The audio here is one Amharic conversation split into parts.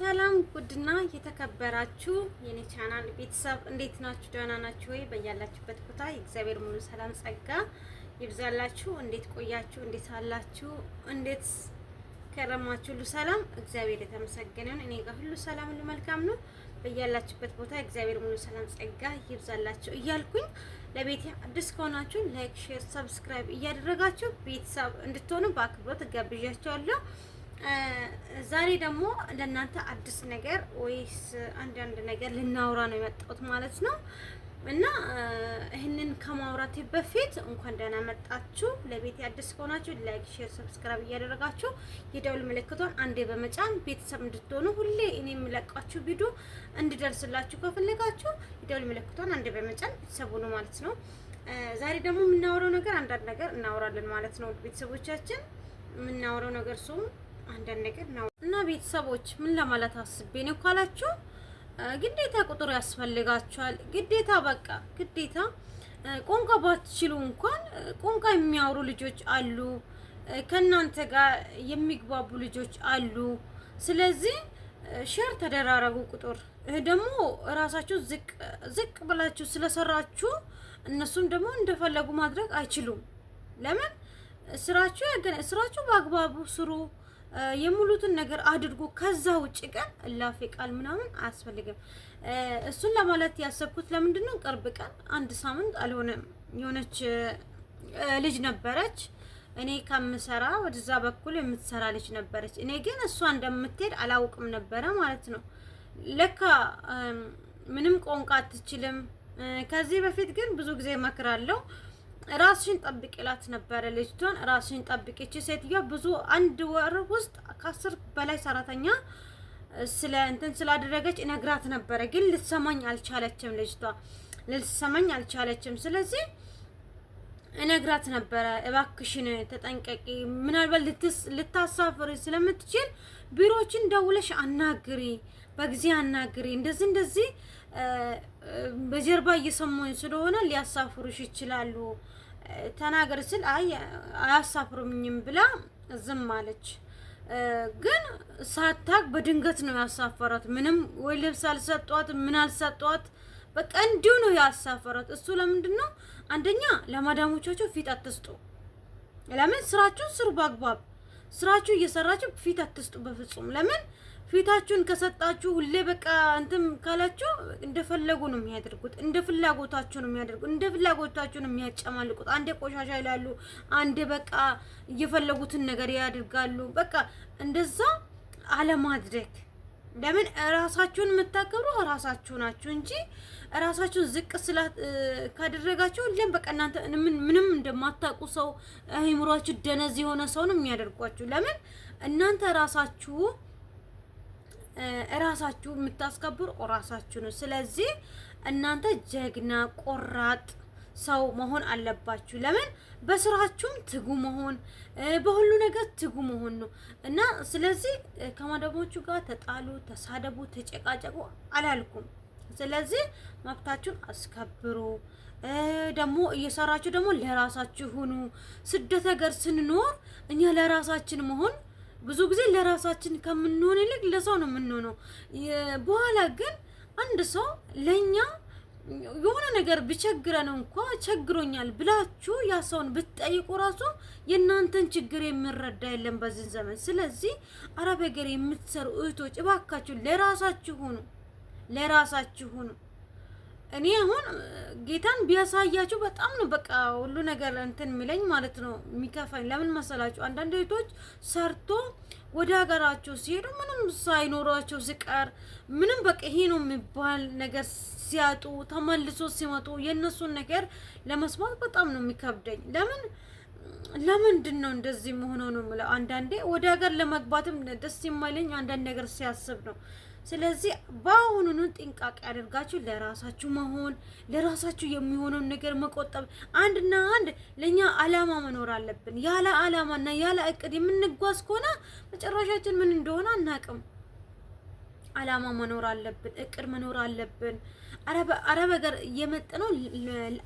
ሰላም ጉድና የተከበራችሁ የኔ ቻናል ቤተሰብ እንዴት ናችሁ? ደህና ናችሁ ወይ? በያላችሁበት ቦታ የእግዚአብሔር ሙሉ ሰላም ጸጋ ይብዛላችሁ። እንዴት ቆያችሁ? እንዴት አላችሁ? እንዴት ከረማችሁ? ሁሉ ሰላም እግዚአብሔር የተመሰገነውን። እኔ ጋር ሁሉ ሰላም፣ ሁሉ መልካም ነው። በያላችሁበት ቦታ እግዚአብሔር ሙሉ ሰላም ጸጋ ይብዛላችሁ እያልኩኝ ለቤት አዲስ ከሆናችሁ ላይክ፣ ሼር፣ ሰብስክራይብ እያደረጋችሁ ቤተሰብ እንድትሆኑ በአክብሮት እጋብዣችኋለሁ። ዛሬ ደግሞ ለእናንተ አዲስ ነገር ወይስ አንዳንድ ነገር ልናውራ ነው የመጣሁት ማለት ነው። እና ይህንን ከማውራቴ በፊት እንኳን ደህና መጣችሁ። ለቤት አዲስ ከሆናችሁ ላይክ፣ ሼር፣ ሰብስክራይብ እያደረጋችሁ የደውል ምልክቷን አንዴ በመጫን ቤተሰብ እንድትሆኑ ሁሌ እኔ የምለቃችሁ ቪዲዮ እንድደርስላችሁ ከፈለጋችሁ የደውል ምልክቷን አንዴ በመጫን ቤተሰብ ሁኑ ማለት ነው። ዛሬ ደግሞ የምናወራው ነገር አንዳንድ ነገር እናወራለን ማለት ነው ቤተሰቦቻችን የምናወራው ነገር እሱም አንዳንድ ነገር ነው እና ቤተሰቦች ምን ለማለት አስቤ ነው ካላችሁ ግዴታ ቁጥር ያስፈልጋችኋል። ግዴታ በቃ ግዴታ ቋንቋ ባትችሉ እንኳን ቋንቋ የሚያወሩ ልጆች አሉ፣ ከእናንተ ጋር የሚግባቡ ልጆች አሉ። ስለዚህ ሼር ተደራረጉ ቁጥር ይህ ደግሞ እራሳችሁ ዝቅ ብላችሁ ስለሰራችሁ እነሱም ደግሞ እንደፈለጉ ማድረግ አይችሉም። ለምን ስራችሁ ስራችሁ በአግባቡ ስሩ። የሙሉትን ነገር አድርጎ ከዛ ውጭ ቀን እላፌ ቃል ምናምን አያስፈልግም። እሱን ለማለት ያሰብኩት ለምንድን ነው፣ ቅርብ ቀን አንድ ሳምንት አልሆነም የሆነች ልጅ ነበረች እኔ ከምሰራ ወደዛ በኩል የምትሰራ ልጅ ነበረች። እኔ ግን እሷ እንደምትሄድ አላውቅም ነበረ ማለት ነው። ለካ ምንም ቋንቋ አትችልም። ከዚህ በፊት ግን ብዙ ጊዜ እመክራለሁ ራስሽን ጠብቅ ላት ነበረ ልጅቷን። ራስሽን ጠብቅ። ይቺ ሴትዮዋ ብዙ አንድ ወር ውስጥ ከአስር በላይ ሰራተኛ ስለ እንትን ስላደረገች ነግራት ነበረ፣ ግን ልትሰማኝ አልቻለችም። ልጅቷ ልትሰማኝ አልቻለችም። ስለዚህ እነግራት ነበረ እባክሽን ተጠንቀቂ፣ ምናልባት ልታሳፍሪ ስለምትችል ቢሮዎችን ደውለሽ አናግሪ፣ በጊዜ አናግሪ፣ እንደዚህ እንደዚህ በጀርባ እየሰሙኝ ስለሆነ ሊያሳፍሩሽ ይችላሉ ተናገር ስል አይ አያሳፍሩኝም ብላ ዝም አለች። ግን ሳታክ በድንገት ነው ያሳፈራት። ምንም ወይ ልብስ አልሰጧት ምን አልሰጧት፣ በቃ እንዲሁ ነው ያሳፈራት። እሱ ለምንድን ነው አንደኛ ለማዳሞቻቸው ፊት አትስጡ። ለምን ስራችሁን ስሩ በአግባብ ስራችሁ እየሰራችሁ ፊት አትስጡ በፍጹም ለምን ፊታችሁን ከሰጣችሁ ሁሌ በቃ እንትም ካላችሁ እንደፈለጉ ነው የሚያደርጉት። እንደ ፍላጎታችሁ ነው የሚያደርጉት። እንደ ፍላጎታችሁ ነው የሚያጨማልቁት። አንዴ ቆሻሻ ይላሉ፣ አንዴ በቃ እየፈለጉትን ነገር ያደርጋሉ። በቃ እንደዛ አለማድረግ ለምን እራሳችሁን የምታከብሩ እራሳችሁ ናችሁ እንጂ እራሳችሁን ዝቅ ስላ ካደረጋችሁ ሁሌም በቃ እናንተ ምንም እንደማታውቁ ሰው አይምሯችሁ ደነዝ የሆነ ሰው ነው የሚያደርጓችሁ። ለምን እናንተ ራሳችሁ እራሳችሁ የምታስከብሩ እራሳችሁ ነው። ስለዚህ እናንተ ጀግና ቆራጥ ሰው መሆን አለባችሁ። ለምን በስራችሁም ትጉ መሆን በሁሉ ነገር ትጉ መሆን ነው እና ስለዚህ ከመደቦቹ ጋር ተጣሉ፣ ተሳደቡ፣ ተጨቃጨቁ አላልኩም። ስለዚህ መብታችሁን አስከብሩ። ደግሞ እየሰራችሁ ደግሞ ለራሳችሁ ሁኑ። ስደት ሀገር ስንኖር እኛ ለራሳችን መሆን ብዙ ጊዜ ለራሳችን ከምንሆን ይልቅ ለሰው ነው የምንሆነው። በኋላ ግን አንድ ሰው ለእኛ የሆነ ነገር ቢቸግረን እንኳ ቸግሮኛል ብላችሁ ያ ሰውን ብትጠይቁ ራሱ የእናንተን ችግር የምረዳ የለም በዚህ ዘመን። ስለዚህ አረብ ሀገር የምትሰሩ እህቶች እባካችሁ ለራሳችሁ ሁኑ፣ ለራሳችሁ ሁኑ። እኔ አሁን ጌታን ቢያሳያችሁ በጣም ነው በቃ ሁሉ ነገር እንትን የሚለኝ ማለት ነው የሚከፋኝ። ለምን መሰላችሁ? አንዳንድ ቤቶች ሰርቶ ወደ ሀገራቸው ሲሄዱ ምንም ሳይኖራቸው ሲቀር ምንም በቃ ይሄ ነው የሚባል ነገር ሲያጡ ተመልሶ ሲመጡ የእነሱን ነገር ለመስማት በጣም ነው የሚከብደኝ። ለምን ለምንድን ነው እንደዚህ መሆኑ ነው የምለው። አንዳንዴ ወደ ሀገር ለመግባትም ደስ የማይለኝ አንዳንድ ነገር ሲያስብ ነው ስለዚህ በአሁኑኑ ጥንቃቄ አድርጋችሁ ለራሳችሁ መሆን ለራሳችሁ የሚሆነውን ነገር መቆጠብ፣ አንድና አንድ ለእኛ አላማ መኖር አለብን። ያለ አላማና ያለ እቅድ የምንጓዝ ከሆነ መጨረሻችን ምን እንደሆነ አናቅም። አላማ መኖር አለብን። እቅድ መኖር አለብን። አረብ ሀገር የመጣነው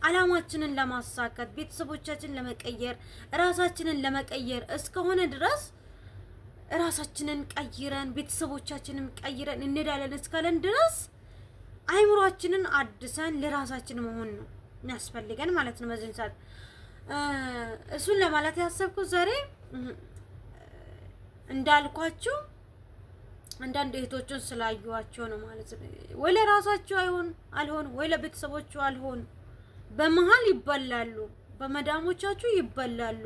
አላማችንን ለማሳካት ቤተሰቦቻችን ለመቀየር ራሳችንን ለመቀየር እስከሆነ ድረስ ራሳችንን ቀይረን ቤተሰቦቻችንን ቀይረን እንሄዳለን እስካለን ድረስ አይምሯችንን አድሰን ለራሳችን መሆን ነው ያስፈልገን ማለት ነው። በዚህ ሰዓት እሱን ለማለት ያሰብኩት ዛሬ እንዳልኳችሁ አንዳንድ እህቶችን ስላዩዋቸው ነው ማለት ነው። ወይ ለራሳችሁ አይሆን አልሆን ወይ ለቤተሰቦቹ አልሆን በመሀል ይበላሉ፣ በመዳሞቻችሁ ይበላሉ።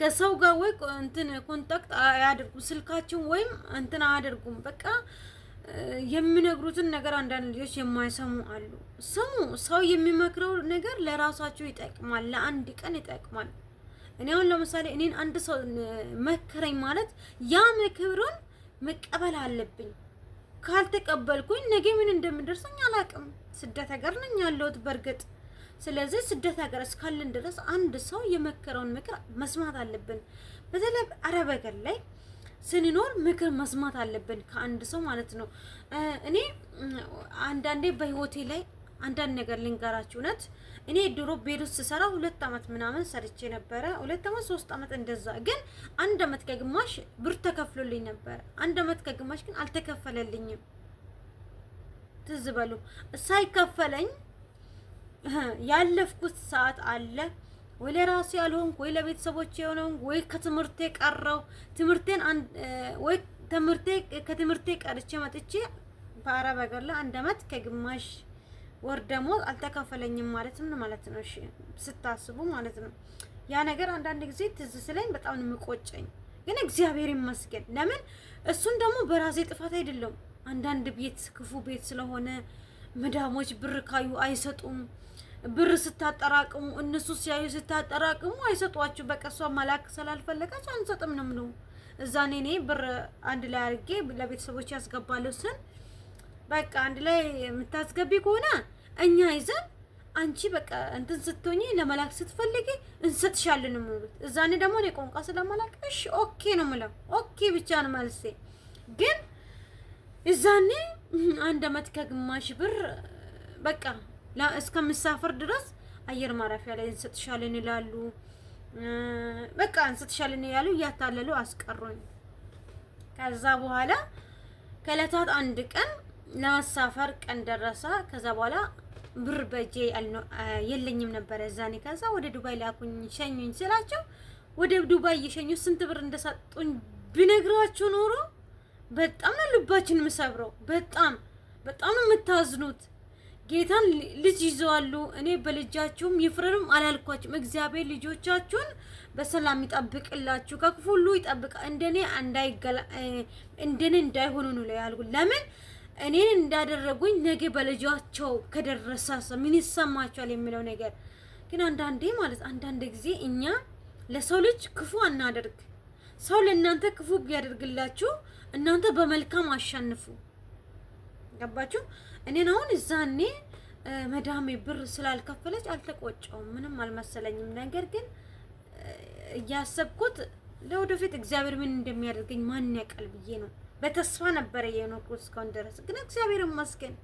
ከሰው ጋር ወይ እንትን ኮንታክት አያደርጉ ስልካቸውን ወይም እንትን አያደርጉም። በቃ የሚነግሩትን ነገር አንዳንድ ልጆች የማይሰሙ አሉ። ስሙ። ሰው የሚመክረው ነገር ለራሳቸው ይጠቅማል፣ ለአንድ ቀን ይጠቅማል። እኔ አሁን ለምሳሌ እኔን አንድ ሰው መከረኝ ማለት ያ ምክሩን መቀበል አለብኝ። ካልተቀበልኩኝ ነገ ምን እንደምደርሰኝ አላውቅም። ስደት ሀገር ነኝ ያለሁት በእርግጥ ስለዚህ ስደት ሀገር እስካለን ድረስ አንድ ሰው የመከረውን ምክር መስማት አለብን። በተለይ አረብ ሀገር ላይ ስንኖር ምክር መስማት አለብን ከአንድ ሰው ማለት ነው። እኔ አንዳንዴ በህይወቴ ላይ አንዳንድ ነገር ልንገራችሁ። እውነት እኔ ድሮ ቤት ውስጥ ስሰራ ሁለት አመት ምናምን ሰርቼ ነበረ። ሁለት አመት ሶስት አመት እንደዛ፣ ግን አንድ አመት ከግማሽ ብር ተከፍሎልኝ ነበረ። አንድ አመት ከግማሽ ግን አልተከፈለልኝም። ትዝ በሉ ሳይከፈለኝ ያለፍኩት ሰዓት አለ ወይ ለራሱ ያልሆንኩ ወይ ለቤተሰቦች የሆነው ወይ ከትምህርቴ ቀረው ትምህርቴን ወይ ትምህርቴ ከትምህርቴ ቀርቼ መጥቼ በአረብ ሀገር ላይ አንድ አመት ከግማሽ ወር ደሞዝ አልተከፈለኝም ማለት ነው ማለት ነው። እሺ ስታስቡ ማለት ነው። ያ ነገር አንዳንድ ጊዜ ትዝ ስለኝ በጣም ነው ግን እግዚአብሔር ይመስገን። ለምን እሱን ደግሞ በራሴ ጥፋት አይደለም። አንዳንድ ቤት ክፉ ቤት ስለሆነ መዳሞች ብር ካዩ አይሰጡም። ብር ስታጠራቅሙ እነሱ ሲያዩ ስታጠራቅሙ አይሰጧችሁ። በቃ እሷ መላክ ስላልፈለጋች አንሰጥም ነው ምለው። እዛ እኔ ብር አንድ ላይ አድርጌ ለቤተሰቦች ያስገባለሁ ስን በቃ አንድ ላይ የምታስገቢ ከሆነ እኛ ይዘን አንቺ በቃ እንትን ስትሆኚ ለመላክ ስትፈልጊ እንሰጥሻለን የሚሉት። እዛኔ ደግሞ እኔ ቋንቋ ስለመላክ እሺ ኦኬ ነው ምለው። ኦኬ ብቻ ነው መልሴ ግን እዛኔ አንድ አመት ከግማሽ ብር በቃ ላ እስከምሳፈር ድረስ አየር ማረፊያ ላይ እንሰጥሻለን ይላሉ። በቃ እንሰጥሻለን ይላሉ። እያታለሉ አስቀሩኝ። ከዛ በኋላ ከእለታት አንድ ቀን ለመሳፈር ቀን ደረሰ። ከዛ በኋላ ብር በእጄ የለኝም ነበረ እዛኔ። ከዛ ወደ ዱባይ ላኩኝ ሸኙኝ ስላቸው ወደ ዱባይ እየሸኙ ስንት ብር እንደሰጡኝ ብነግራችሁ ኖሮ በጣም ነው ልባችን የምሰብረው። በጣም በጣም ነው የምታዝኑት። ጌታን ልጅ ይዘዋሉ። እኔ በልጃችሁም ይፍረድም አላልኳችሁም። እግዚአብሔር ልጆቻችሁን በሰላም ይጠብቅላችሁ፣ ከክፉ ሁሉ ይጠብቃ፣ እንደኔ እንደኔ እንዳይሆኑ ነው ያልኩ። ለምን እኔን እንዳደረጉኝ ነገ በልጃቸው ከደረሰ ምን ይሰማቸዋል የሚለው ነገር ግን አንዳንዴ ማለት አንዳንድ ጊዜ እኛ ለሰው ልጅ ክፉ አናደርግ ሰው ለእናንተ ክፉ ቢያደርግላችሁ እናንተ በመልካም አሸንፉ። ገባችሁ? እኔን አሁን እዛኔ መዳሜ ብር ስላልከፈለች አልተቆጨውም፣ ምንም አልመሰለኝም። ነገር ግን እያሰብኩት ለወደፊት እግዚአብሔር ምን እንደሚያደርገኝ ማን ያውቃል ብዬ ነው። በተስፋ ነበረ የኖርኩት እስካሁን ድረስ። ግን እግዚአብሔር ይመስገን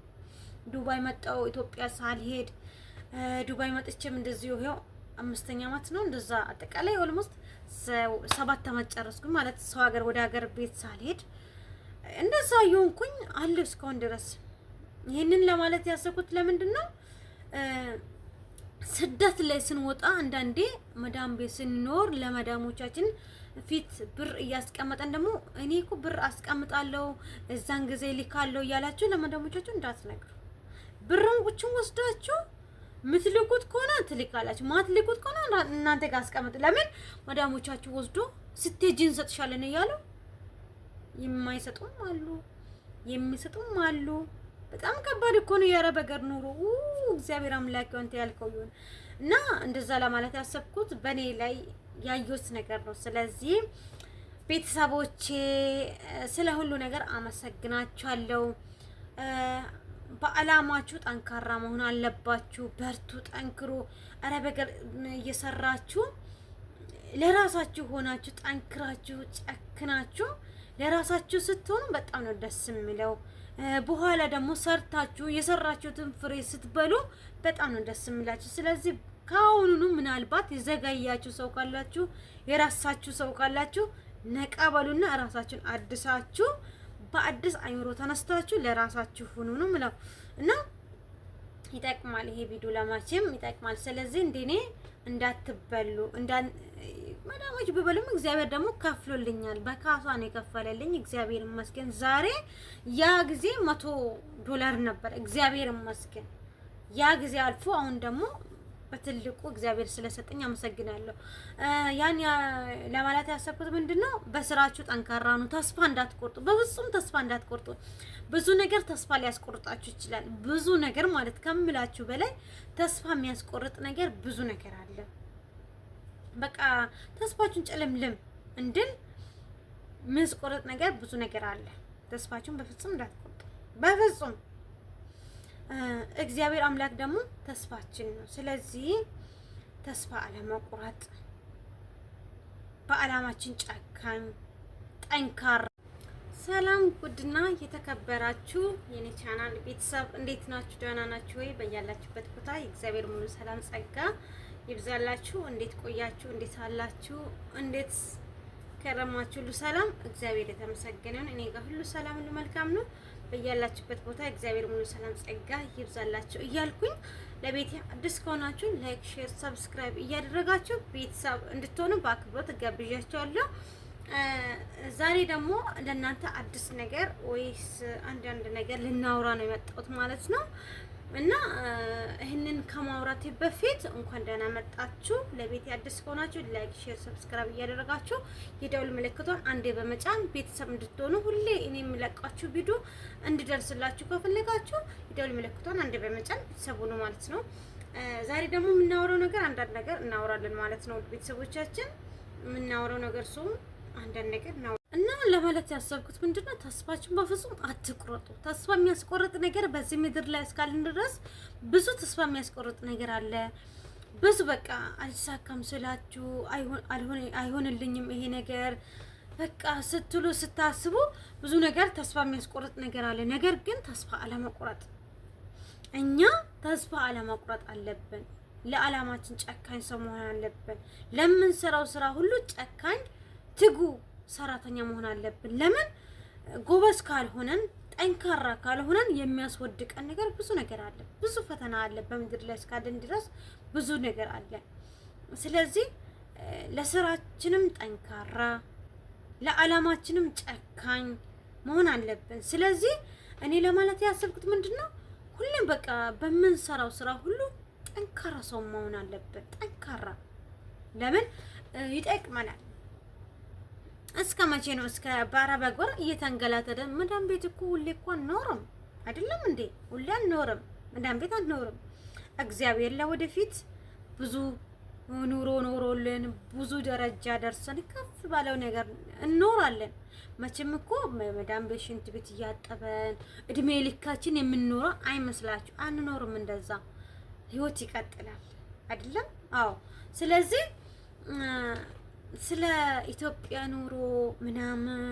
ዱባይ መጣው ኢትዮጵያ ሳልሄድ ዱባይ መጥቼም እንደዚሁ ይኸው አምስተኛ ዓመት ነው እንደዛ አጠቃላይ ኦልሞስት ሰባት ዓመት ጨረስኩኝ ማለት ሰው ሀገር ወደ ሀገር ቤት ሳልሄድ እንደዛ የሆንኩኝ አለ እስካሁን ድረስ። ይህንን ለማለት ያሰብኩት ለምንድን ነው ስደት ላይ ስንወጣ አንዳንዴ መዳም ቤት ስንኖር ለመዳሞቻችን ፊት ብር እያስቀመጠን ደግሞ እኔ እኮ ብር አስቀምጣለሁ እዛን ጊዜ ልካለሁ እያላችሁ ለመዳሞቻችሁ እንዳትነግሩ። ብርን ቁችን ወስዳችሁ ምትልኩት ከሆነ ትልካላችሁ፣ ማትልኩት ከሆነ እናንተ ጋር አስቀምጥ። ለምን መዳሞቻችሁ ወስዶ ስቴጅ እንሰጥሻለን እያሉ የማይሰጡም አሉ፣ የሚሰጡም አሉ። በጣም ከባድ እኮ ነው የአረብ ሀገር ኑሮ። እግዚአብሔር አምላክ አንተ ያልከው ይሁን እና እንደዛ ለማለት ያሰብኩት በእኔ ላይ ያየሁት ነገር ነው። ስለዚህ ቤተሰቦቼ ስለ ሁሉ ነገር አመሰግናችኋለሁ። በአላማችሁ ጠንካራ መሆን አለባችሁ። በርቱ፣ ጠንክሮ ኧረ በገር እየሰራችሁ ለራሳችሁ ሆናችሁ ጠንክራችሁ ጨክናችሁ ለራሳችሁ ስትሆኑ በጣም ነው ደስ የሚለው። በኋላ ደግሞ ሰርታችሁ የሰራችሁትን ፍሬ ስትበሉ በጣም ነው ደስ የሚላችሁ። ስለዚህ ከአሁኑኑ ምናልባት የዘጋያችሁ ሰው ካላችሁ፣ የራሳችሁ ሰው ካላችሁ ነቃ በሉና ራሳችሁን አድሳችሁ በአዲስ አይምሮ ተነስታችሁ ለራሳችሁ ሁኑ ነው የምለው እና ይጠቅማል። ይሄ ቪዲዮ ለማችም ይጠቅማል። ስለዚህ እንደኔ እንዳትበሉ እንዳን መዳሞች ብበሉም እግዚአብሔር ደግሞ ከፍሎልኛል። በካሷ ነው የከፈለልኝ። እግዚአብሔር ይመስገን። ዛሬ ያ ጊዜ መቶ ዶላር ነበር። እግዚአብሔር ይመስገን ያ ጊዜ አልፎ አሁን ደግሞ በትልቁ እግዚአብሔር ስለሰጠኝ አመሰግናለሁ። ያን ለማለት ያሰብኩት ምንድን ነው፣ በስራችሁ ጠንካራ ነው። ተስፋ እንዳትቆርጡ፣ በፍጹም ተስፋ እንዳትቆርጡ። ብዙ ነገር ተስፋ ሊያስቆርጣችሁ ይችላል። ብዙ ነገር ማለት ከምላችሁ በላይ ተስፋ የሚያስቆርጥ ነገር ብዙ ነገር አለ። በቃ ተስፋችሁን ጨለምልም እንድል የሚያስቆርጥ ነገር ብዙ ነገር አለ። ተስፋችሁን በፍጹም እንዳትቆርጡ፣ በፍጹም እግዚአብሔር አምላክ ደግሞ ተስፋችን ነው። ስለዚህ ተስፋ አለመቁረጥ፣ በአላማችን ጨካኝ፣ ጠንካራ ሰላም ውድና የተከበራችሁ የኔ ቻናል ቤተሰብ እንዴት ናችሁ? ደህና ናችሁ ወይ? በያላችሁበት ቦታ የእግዚአብሔር ሙሉ ሰላም ጸጋ ይብዛላችሁ። እንዴት ቆያችሁ? እንዴት አላችሁ? እንዴት ከረማችሁ? ሁሉ ሰላም፣ እግዚአብሔር የተመሰገነውን። እኔ ጋር ሁሉ ሰላም፣ ሁሉ መልካም ነው። በያላችሁበት ቦታ እግዚአብሔር ሙሉ ሰላም ጸጋ ይብዛላችሁ እያልኩኝ ለቤት አዲስ ከሆናችሁ ላይክ፣ ሼር፣ ሰብስክራይብ እያደረጋችሁ ቤተሰብ እንድትሆኑ በአክብሮት እጋብዣቸዋለሁ። ዛሬ ደግሞ ለእናንተ አዲስ ነገር ወይስ አንዳንድ ነገር ልናውራ ነው የመጣሁት ማለት ነው። እና ይህንን ከማውራት በፊት እንኳን ደህና መጣችሁ። ለቤት አዲስ ከሆናችሁ ላይክ፣ ሼር፣ ሰብስክራይብ እያደረጋችሁ የደውል ምልክቷን አንዴ በመጫን ቤተሰብ እንድትሆኑ ሁሌ እኔ የምለቃችሁ ቪዲዮ እንድደርስላችሁ ከፈለጋችሁ የደውል ምልክቷን አንዴ በመጫን ቤተሰብ ሁኑ ማለት ነው። ዛሬ ደግሞ የምናወራው ነገር አንዳንድ ነገር እናወራለን ማለት ነው ቤተሰቦቻችን የምናወራው ነገር ሰው አንዳንድ ነገር እና ለማለት ያሰብኩት ምንድነው ተስፋችን በፍጹም አትቁረጡ። ተስፋ የሚያስቆርጥ ነገር በዚህ ምድር ላይ እስካልን ድረስ ብዙ ተስፋ የሚያስቆርጥ ነገር አለ። ብዙ በቃ አልሳካም ስላችሁ አይሆንልኝም ይሄ ነገር በቃ ስትሉ ስታስቡ ብዙ ነገር ተስፋ የሚያስቆርጥ ነገር አለ። ነገር ግን ተስፋ አለመቁረጥ እኛ ተስፋ አለመቁረጥ አለብን። ለዓላማችን ጨካኝ ሰው መሆን አለብን። ለምንሰራው ስራ ሁሉ ጨካኝ ትጉ ሰራተኛ መሆን አለብን። ለምን ጎበዝ ካልሆነን ጠንካራ ካልሆነን የሚያስወድቀን ነገር ብዙ ነገር አለ። ብዙ ፈተና አለ። በምድር ላይ እስካለን ድረስ ብዙ ነገር አለ። ስለዚህ ለስራችንም ጠንካራ ለዓላማችንም ጨካኝ መሆን አለብን። ስለዚህ እኔ ለማለት ያሰብኩት ምንድን ነው፣ ሁሌም በቃ በምንሰራው ስራ ሁሉ ጠንካራ ሰው መሆን አለብን። ጠንካራ ለምን ይጠቅመናል? እስከ መቼ ነው እስከ ባረበጎር እየተንገላተደ መዳም ቤት እኮ ሁሌ እኮ አንኖርም አይደለም እንዴ? ሁሌ አንኖርም፣ መዳም ቤት አንኖርም። እግዚአብሔር ለወደፊት ብዙ ኑሮ ኖሮልን ብዙ ደረጃ ደርሰን ከፍ ባለው ነገር እንኖራለን። መቼም እኮ መዳም ቤት ሽንት ቤት እያጠበን እድሜ ልካችን የምንኖረው አይመስላችሁ? አንኖርም። እንደዛ ህይወት ይቀጥላል አይደለም? አዎ። ስለዚህ ስለ ኢትዮጵያ ኑሮ ምናምን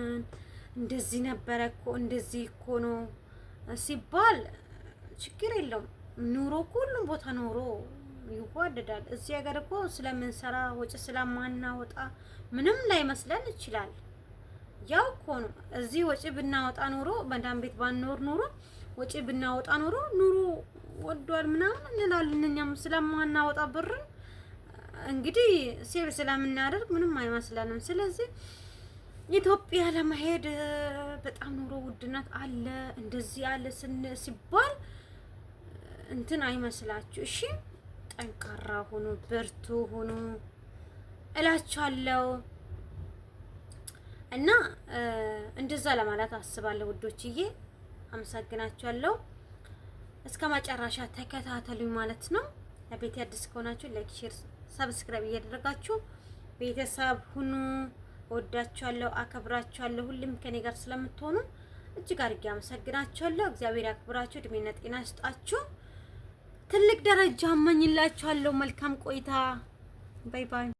እንደዚህ ነበረ እኮ እንደዚህ እኮ ነው ሲባል ችግር የለውም። ኑሮ እኮ ሁሉም ቦታ ኑሮ ይዋደዳል። እዚህ ሀገር እኮ ስለምንሰራ ወጪ ስለማናወጣ ምንም ላይመስለን ይችላል። ያው እኮ ነው። እዚህ ወጪ ብናወጣ ኑሮ መዳም ቤት ባንኖር ኑሮ ወጪ ብናወጣ ኑሮ ኑሮ ወዷል ምናምን እንላለን። እኛም ስለማናወጣ ብርን እንግዲህ ሴብ ስለምናደርግ ምንም አይመስለንም። ስለዚህ ኢትዮጵያ ለመሄድ በጣም ኑሮ ውድነት አለ እንደዚህ አለ ሲባል እንትን አይመስላችሁ። እሺ ጠንካራ ሁኑ፣ ብርቱ ሁኑ እላችኋለሁ። እና እንደዛ ለማለት አስባለሁ ውዶችዬ፣ አመሰግናችኋለሁ። እስከ መጨረሻ ተከታተሉኝ ማለት ነው። ለቤት አዲስ ከሆናችሁ ላይክ፣ ሼር ሰብስክራይብ እያደረጋችሁ ቤተሰብ ሁኑ። ወዳችኋለሁ፣ አከብራችኋለሁ። ሁሉም ከኔ ጋር ስለምትሆኑ እጅግ አድርጌ አመሰግናችኋለሁ። እግዚአብሔር ያክብራችሁ፣ እድሜና ጤና ይስጣችሁ። ትልቅ ደረጃ አመኝላችኋለሁ። መልካም ቆይታ። ባይ ባይ።